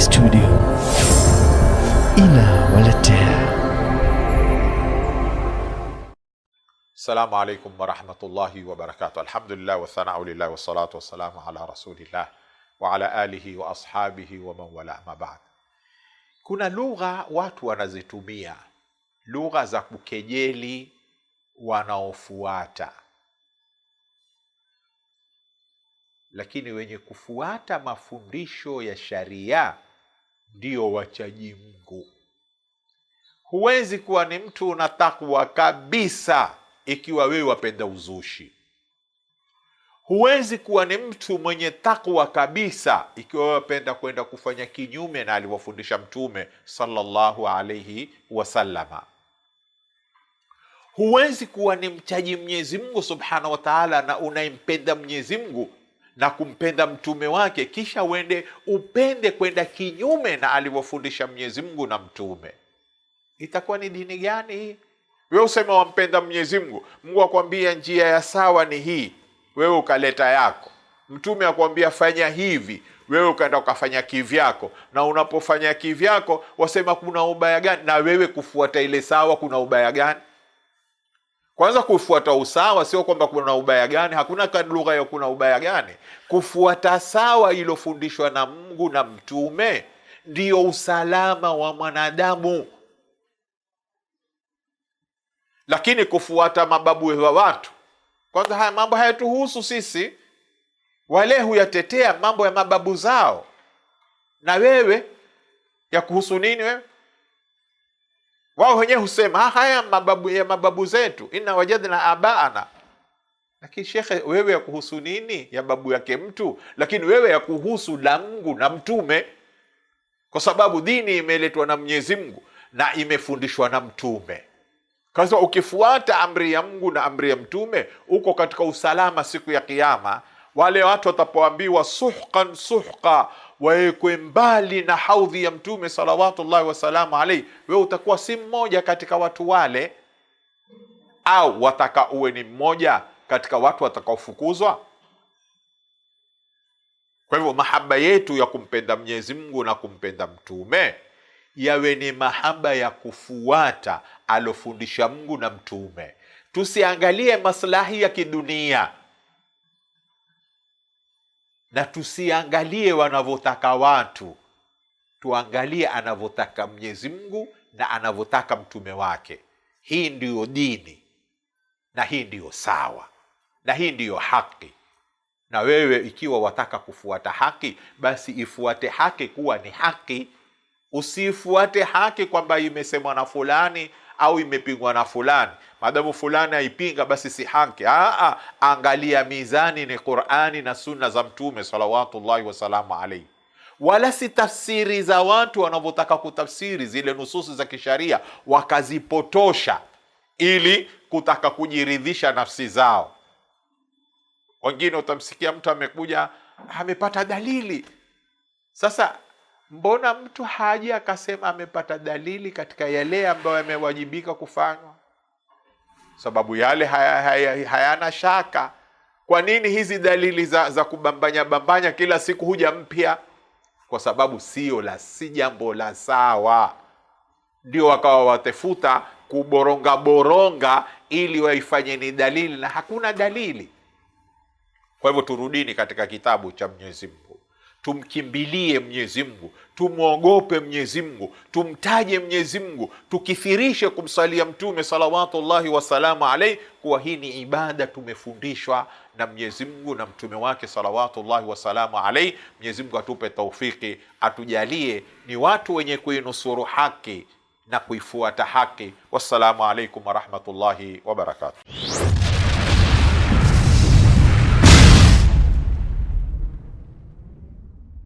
Studio inawaletea. Assalamu alaikum warahmatullahi wabarakatuh. Alhamdulillah wathanau lillahi wassalatu wassalamu ala rasulillah wa ala alihi wa ashabihi wa man wala ma Kuna lugha watu wanazitumia, lugha za kukejeli wanaofuata lakini wenye kufuata mafundisho ya sharia ndio wachaji mgu Huwezi kuwa ni mtu una takwa kabisa ikiwa wewe wapenda uzushi. Huwezi kuwa ni mtu mwenye takwa kabisa ikiwa wewe wapenda kwenda kufanya kinyume na aliwafundisha Mtume salallahu alaihi wasalama Huwezi kuwa ni mchaji Mwenyezi Mungu subhanahu wataala na unayempenda Mwenyezi Mungu na kumpenda mtume wake, kisha uende upende kwenda kinyume na alivyofundisha Mwenyezi Mungu na mtume, itakuwa ni dini gani hii? Wewe usema wampenda Mwenyezi Mungu, Mungu akwambia njia ya sawa ni hii, wewe ukaleta yako. Mtume akwambia fanya hivi, wewe ukaenda ukafanya kivyako. Na unapofanya kivyako, wasema kuna ubaya gani? Na wewe kufuata ile sawa, kuna ubaya gani? Kwanza kufuata usawa, sio kwamba kuna ubaya gani, hakuna lugha ya kuna ubaya gani. Kufuata sawa ilofundishwa na mngu na Mtume ndiyo usalama wa mwanadamu, lakini kufuata mababu wa watu, kwanza haya mambo hayatuhusu sisi. Wale huyatetea mambo ya mababu zao, na wewe ya kuhusu nini wewe? Wao wenyewe husema haya mababu ya mababu zetu, inna wajadna abaana. Lakini shekhe, wewe ya kuhusu nini ya babu yake mtu? Lakini wewe kuhusu la Mungu na Mtume, kwa sababu dini imeletwa na Mwenyezi Mungu na imefundishwa na Mtume. Kaza ukifuata amri ya Mungu na amri ya Mtume, uko katika usalama siku ya kiama wale watu watapoambiwa suhan suhqa, wawekwe mbali na haudhi ya Mtume salawatullahi wasalamu alaihi, wewe utakuwa si mmoja katika watu wale, au wataka uwe ni mmoja katika watu watakaofukuzwa? Kwa hivyo mahaba yetu ya kumpenda Mwenyezi Mungu na kumpenda Mtume yawe ni mahaba ya kufuata alofundisha Mungu na Mtume, tusiangalie maslahi ya kidunia na tusiangalie wanavyotaka watu, tuangalie anavyotaka Mwenyezi Mungu na anavyotaka mtume wake. Hii ndiyo dini na hii ndiyo sawa na hii ndiyo haki. Na wewe ikiwa wataka kufuata haki, basi ifuate haki kuwa ni haki. usiifuate haki kwamba imesemwa na fulani au imepingwa na fulani madhabu fulani aipinga, basi si haki. Aa, angalia mizani ni Qur'ani na sunna za Mtume salawatullahi wasalamu alaihi, wala si tafsiri za watu wanavyotaka kutafsiri zile nususi za kisharia wakazipotosha ili kutaka kujiridhisha nafsi zao. Wengine utamsikia mtu amekuja amepata dalili. Sasa mbona mtu haji akasema amepata dalili katika yale ambayo yamewajibika kufanywa? sababu yale hayana haya, haya shaka. Kwa nini hizi dalili za, za kubambanya bambanya kila siku huja mpya? Kwa sababu sio la si jambo la sawa, ndio wakawa watefuta kuboronga boronga ili waifanye ni dalili, na hakuna dalili. Kwa hivyo turudini katika kitabu cha Mwenyezi Mungu. Tumkimbilie Mwenyezi Mungu, tumwogope Mwenyezi Mungu, tumtaje Mwenyezi Mungu, tukithirishe kumsalia Mtume salawatullahi wasalamu alaihi, kuwa hii ni ibada tumefundishwa na Mwenyezi Mungu na mtume wake salawatullahi wasalamu alaihi. Mwenyezi Mungu atupe taufiki, atujalie ni watu wenye kuinusuru haki na kuifuata haki. Wassalamu alaikum warahmatullahi wabarakatuh.